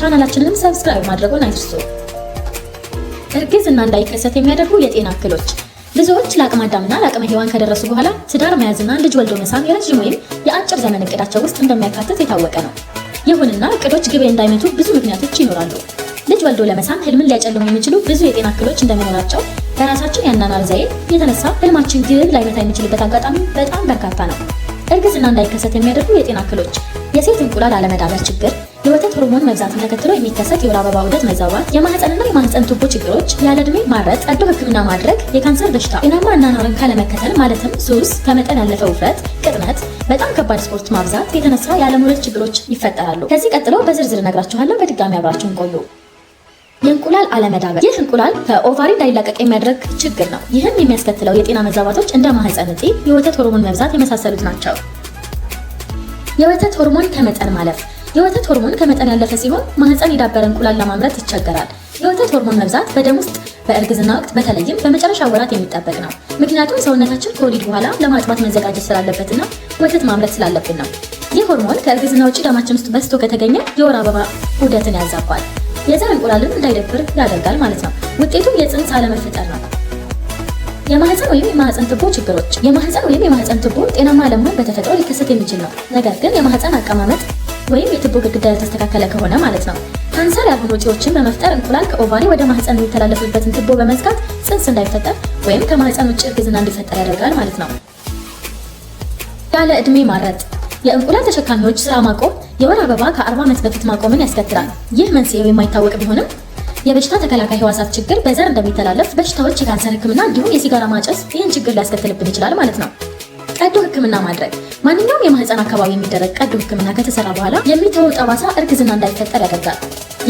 ቻናላችንንም ሰብስክራይብ ማድረጉን አይርሱ። እርግዝና እንዳይከሰት የሚያደርጉ የጤና እክሎች ብዙዎች ለአቅመ አዳምና ለአቅመ ሔዋን ከደረሱ በኋላ ትዳር መያዝና ልጅ ወልዶ መሳም የረዥም ወይም የአጭር ዘመን እቅዳቸው ውስጥ እንደሚያካትት የታወቀ ነው። ይሁንና እቅዶች ግቤ እንዳይመቱ ብዙ ምክንያቶች ይኖራሉ። ልጅ ወልዶ ለመሳም ህልምን ሊያጨልሙ የሚችሉ ብዙ የጤና እክሎች እንደመኖራቸው በራሳችን የአኗኗር ዘዬ የተነሳ ህልማችን ግብ ላይመታ የሚችልበት አጋጣሚ በጣም በርካታ ነው። እርግዝና እንዳይከሰት የሚያደርጉ የጤና እክሎች የሴት እንቁላል አለመዳበር ችግር የወተት ሆርሞን መብዛትን ተከትሎ የሚከሰት የወር አበባ ዑደት መዛባት፣ የማህፀንና የማህፀን ቱቦ ችግሮች፣ ያለ ዕድሜ ማረጥ፣ ቀዶ ህክምና ማድረግ፣ የካንሰር በሽታ፣ ጤናማ አኗኗርን ካለመከተል ማለትም ሱስ፣ ከመጠን ያለፈ ውፍረት፣ ቅጥነት፣ በጣም ከባድ ስፖርት ማብዛት የተነሳ ያለመውለድ ችግሮች ይፈጠራሉ። ከዚህ ቀጥሎ በዝርዝር እነግራችኋለሁ። በድጋሚ አብራችሁን ቆዩ። የእንቁላል አለመዳበር። ይህ እንቁላል ከኦቫሪ እንዳይላቀቅ የሚያደርግ ችግር ነው። ይህም የሚያስከትለው የጤና መዛባቶች እንደ ማህፀን እጢ፣ የወተት ሆርሞን መብዛት የመሳሰሉት ናቸው። የወተት ሆርሞን ከመጠን ማለፍ የወተት ሆርሞን ከመጠን ያለፈ ሲሆን ማህፀን የዳበረ እንቁላል ለማምረት ይቸገራል። የወተት ሆርሞን መብዛት በደም ውስጥ በእርግዝና ወቅት በተለይም በመጨረሻ ወራት የሚጠበቅ ነው። ምክንያቱም ሰውነታችን ከወሊድ በኋላ ለማጥባት መዘጋጀት ስላለበትና ወተት ማምረት ስላለብን ነው። ይህ ሆርሞን ከእርግዝና ውጭ ደማችን ውስጥ በዝቶ ከተገኘ የወር አበባ ዑደትን ያዛባል፣ የዘር እንቁላልን እንዳይደብር ያደርጋል ማለት ነው። ውጤቱ የፅንስ አለመፈጠር ነው። የማህፀን ወይም የማህፀን ትቦ ችግሮች የማህፀን ወይም የማህፀን ትቦ ጤናማ አለመሆን በተፈጥሮ ሊከሰት የሚችል ነው። ነገር ግን የማህፀን አቀማመጥ ወይም የቱቦ ግድግዳ ያልተስተካከለ ከሆነ ማለት ነው። ካንሰር ያልሆኑ እጢዎችን በመፍጠር እንቁላል ከኦቫሪ ወደ ማህፀን የሚተላለፍበትን ቱቦ በመዝጋት ፅንስ እንዳይፈጠር ወይም ከማህፀን ውጭ እርግዝና እንዲፈጠር ያደርጋል ማለት ነው። ያለ እድሜ ማረጥ የእንቁላል ተሸካሚዎች ስራ ማቆም የወር አበባ ከ40 ዓመት በፊት ማቆምን ያስከትላል። ይህ መንስኤው የማይታወቅ ቢሆንም የበሽታ ተከላካይ ህዋሳት ችግር በዘር እንደሚተላለፍ በሽታዎች፣ የካንሰር ህክምና እንዲሁም የሲጋራ ማጨስ ይህን ችግር ሊያስከትልብን ይችላል ማለት ነው። ቀዶ ህክምና ማድረግ ማንኛውም የማህፀን አካባቢ የሚደረግ ቀዶ ህክምና ከተሰራ በኋላ የሚተወው ጠባሳ እርግዝና እንዳይፈጠር ያደርጋል።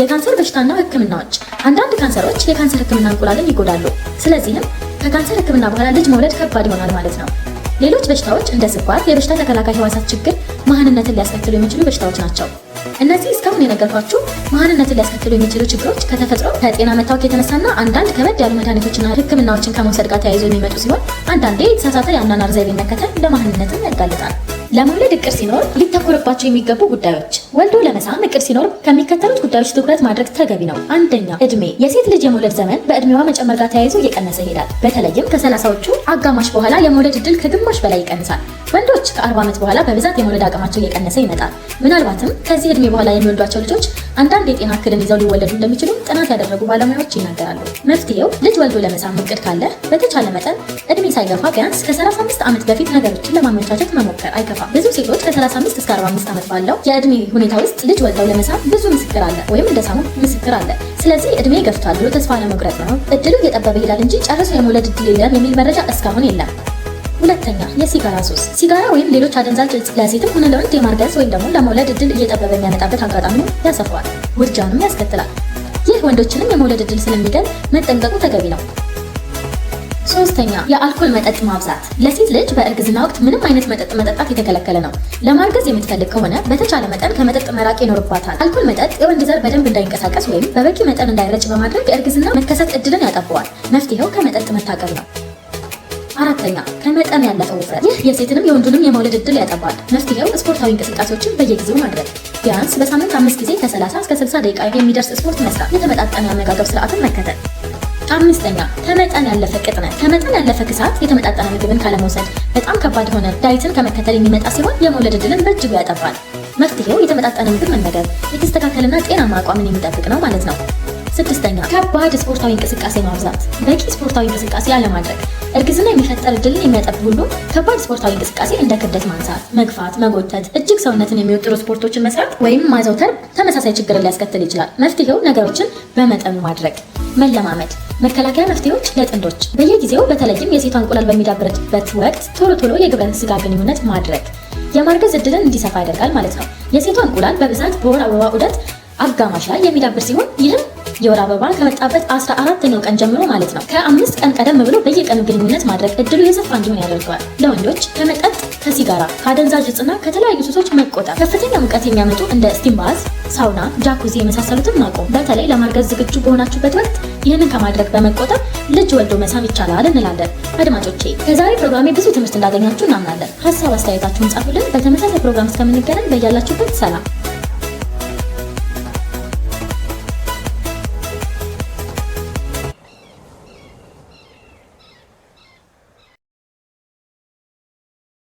የካንሰር በሽታና ህክምናዎች አንዳንድ ካንሰሮች የካንሰር ህክምና እንቁላልን ይጎዳሉ። ስለዚህም ከካንሰር ህክምና በኋላ ልጅ መውለድ ከባድ ይሆናል ማለት ነው። ሌሎች በሽታዎች እንደ ስኳር፣ የበሽታ ተከላካይ ህዋሳት ችግር መሀንነትን ሊያስከትሉ የሚችሉ በሽታዎች ናቸው። እነዚህ እስካሁን የነገርኳችሁ መሀንነትን ሊያስከትሉ የሚችሉ ችግሮች ከተፈጥሮ ከጤና መታወክ የተነሳና አንዳንድ ከበድ ያሉ መድኃኒቶችና ሕክምናዎችን ከመውሰድ ጋር ተያይዞ የሚመጡ ሲሆን አንዳንዴ የተሳሳተ የአኗኗር ዘይቤ መከተል ለመሀንነትም ያጋልጣል። ለመውለድ እቅድ ሲኖር ሊተኮርባቸው የሚገቡ ጉዳዮች። ወልዶ ለመሳም እቅድ ሲኖር ከሚከተሉት ጉዳዮች ትኩረት ማድረግ ተገቢ ነው። አንደኛ እድሜ። የሴት ልጅ የመውለድ ዘመን በእድሜዋ መጨመር ጋር ተያይዞ እየቀነሰ ይሄዳል። በተለይም ከሰላሳዎቹ አጋማሽ በኋላ የመውለድ እድል ከግማሽ በላይ ይቀንሳል። ወንዶች ከ40 ዓመት በኋላ በብዛት የመውለድ አቅማቸው እየቀነሰ ይመጣል። ምናልባትም ከዚህ እድሜ በኋላ የሚወልዷቸው ልጆች አንዳንድ የጤና እክልን ይዘው ሊወለዱ እንደሚችሉ ጥናት ያደረጉ ባለሙያዎች ይናገራሉ። መፍትሄው ልጅ ወልዶ ለመሳም እቅድ ካለ በተቻለ መጠን እድሜ ሳይገፋ ቢያንስ ከ35 ዓመት በፊት ነገሮችን ለማመቻቸት መሞከር አይከፋል። ጨረታ ብዙ ሴቶች ከ35 እስከ 45 ዓመት ባለው የእድሜ ሁኔታ ውስጥ ልጅ ወልደው ለመሳም ብዙ ምስክር አለ ወይም እንደሳሙ ምስክር አለ። ስለዚህ እድሜ ገፍቷል ብሎ ተስፋ ለመቁረጥ ነው። እድሉ እየጠበበ ይሄዳል እንጂ ጨርሶ የመውለድ እድል የለም የሚል መረጃ እስካሁን የለም። ሁለተኛ የሲጋራ ሱስ። ሲጋራ ወይም ሌሎች አደንዛዥ እጽ ለሴትም ሆነ ለወንድ የማርገዝ ወይም ደግሞ ለመውለድ እድል እየጠበበ የሚያመጣበት አጋጣሚ ያሰፋዋል፣ ውርጃንም ያስከትላል። ይህ ወንዶችንም የመውለድ እድል ስለሚገል መጠንቀቁ ተገቢ ነው። ሶስተኛ የአልኮል መጠጥ ማብዛት። ለሴት ልጅ በእርግዝና ወቅት ምንም አይነት መጠጥ መጠጣት የተከለከለ ነው። ለማርገዝ የምትፈልግ ከሆነ በተቻለ መጠን ከመጠጥ መራቅ ይኖርባታል። አልኮል መጠጥ የወንድ ዘር በደንብ እንዳይንቀሳቀስ ወይም በበቂ መጠን እንዳይረጭ በማድረግ የእርግዝና መከሰት እድልን ያጠበዋል። መፍትሄው ከመጠጥ መታቀብ ነው። አራተኛ ከመጠን ያለፈ ውፍረት። ይህ የሴትንም የወንዱንም የመውለድ እድል ያጠባል። መፍትሄው ስፖርታዊ እንቅስቃሴዎችን በየጊዜው ማድረግ፣ ቢያንስ በሳምንት አምስት ጊዜ ከ30 እስከ 60 ደቂቃ የሚደርስ ስፖርት መስራት፣ የተመጣጠነ አመጋገብ ስርዓትን መከተል አምስተኛ ከመጠን ያለፈ ቅጥነት። ከመጠን ያለፈ ክሳት የተመጣጠነ ምግብን ካለመውሰድ በጣም ከባድ የሆነ ዳይትን ከመከተል የሚመጣ ሲሆን የመውለድ እድልን በእጅጉ ያጠፋል። መፍትሄው የተመጣጠነ ምግብ መመገብ፣ የተስተካከለና ጤናማ አቋምን የሚጠብቅ ነው ማለት ነው። ስድስተኛ ከባድ ስፖርታዊ እንቅስቃሴ ማብዛት። በቂ ስፖርታዊ እንቅስቃሴ አለማድረግ እርግዝና የሚፈጠር እድልን የሚያጠብ ሁሉ ከባድ ስፖርታዊ እንቅስቃሴ እንደ ክብደት ማንሳት፣ መግፋት፣ መጎተት፣ እጅግ ሰውነትን የሚወጥሩ ስፖርቶችን መስራት ወይም ማዘውተር ተመሳሳይ ችግርን ሊያስከትል ይችላል። መፍትሄው ነገሮችን በመጠኑ ማድረግ መለማመድ መከላከያ መፍትሄዎች ለጥንዶች በየጊዜው በተለይም የሴቷ እንቁላል በሚዳብርበት ወቅት ቶሎ ቶሎ የግብረ ስጋ ግንኙነት ማድረግ የማርገዝ እድልን እንዲሰፋ ያደርጋል ማለት ነው። የሴቷ እንቁላል በብዛት በወር አበባ ዑደት አጋማሽ ላይ የሚዳብር ሲሆን ይህም የወር አበባ ከመጣበት 14ኛው ቀን ጀምሮ ማለት ነው ከአምስት ቀን ቀደም ብሎ በየቀኑ ግንኙነት ማድረግ እድሉ የሰፋ እንዲሆን ያደርገዋል። ለወንዶች ከመጠጥ ከሲጋራ ከአደንዛዥ እጽና ከተለያዩ ሱሶች መቆጠብ፣ ከፍተኛ ሙቀት የሚያመጡ እንደ ስቲምባዝ፣ ሳውና፣ ጃኩዚ የመሳሰሉትን ማቆም። በተለይ ለማርገዝ ዝግጁ በሆናችሁበት ወቅት ይህንን ከማድረግ በመቆጠብ ልጅ ወልዶ መሳም ይቻላል እንላለን። አድማጮቼ ከዛሬ ፕሮግራሜ ብዙ ትምህርት እንዳገኛችሁ እናምናለን። ሀሳብ አስተያየታችሁን ጻፉልን። በተመሳሳይ ፕሮግራም እስከምንገናኝ በያላችሁበት ሰላም